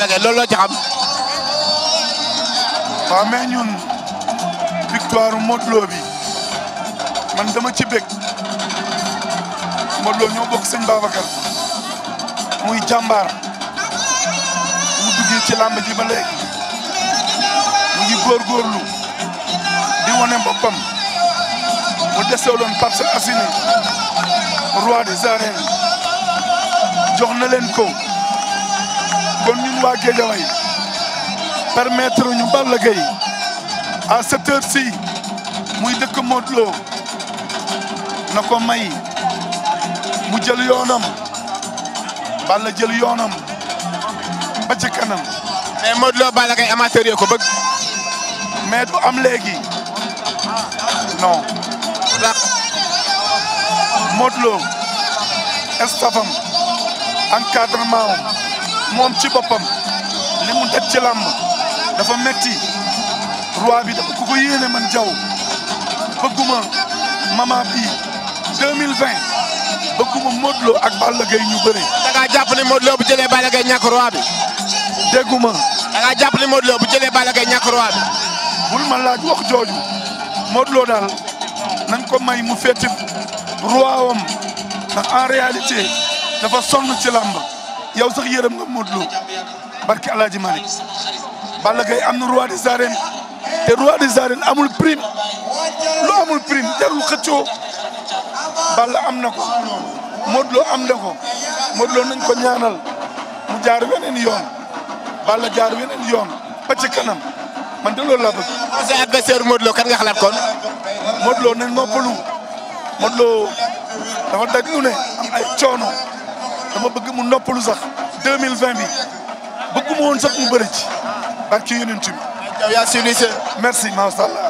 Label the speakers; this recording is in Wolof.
Speaker 1: Balla Gaye loolu loo ci xam. waaw mais ñun victoire Modou bi man dama ci bég Modou ñoo bokk sëñ Babacar muy jàmbaar mu duggee ci làmb ji ba léegi mu ngi góorgóorlu di wane boppam mu deseewuloon Parcelles Assainies roi des arènes jox na leen ko. ñun waa Guédiawaye ñu Balla Gaye à cette heure muy dëkk Modou na ko may mu jël yoonam Balla jël yoonam ba ci kanam. Balla Gaye amateur yi ko bëgg. mais du am léegi non. ndax Modou Lo estafam encadrement am moom ci boppam li mu daj ci làmb dafa metti roi bi dafa ku ko yéene man jaw bëgguma mama bi 2020 bëgguma Modou Lo ak Balla Gaye ñu bëri. da jàpp ne Modou Lo bu jëlee Balla Gaye ñàkk roi bi. dégguma. da ngaa ne Modou bu jëlee Balla Gaye ñàkk roi bi. ma laaj wax jooju Modou daal nañ ko may mu féete roi wam ndax en dafa sonn ci làmb. yow sax yërëm nga Modou Lo barke El Hadj Malick Balla Gaye am na roi des arènes te roi des amul prime lu amul prime jarul xëccoo Balla am na ko Modou am na ko Modou nañ ko ñaanal mu jaar weneen yoon Balla jaar weneen yoon ba kanam man de loolu laa Lo kan nga xalaat nañ noppalu Modou Lo dafa daj lu ne am ay coono dama bëgg mu noppalu sax. deux mille vingt bi bëgguma woon sax mu bëri ci. barke Yonent bi. yow yaa merci macha allah.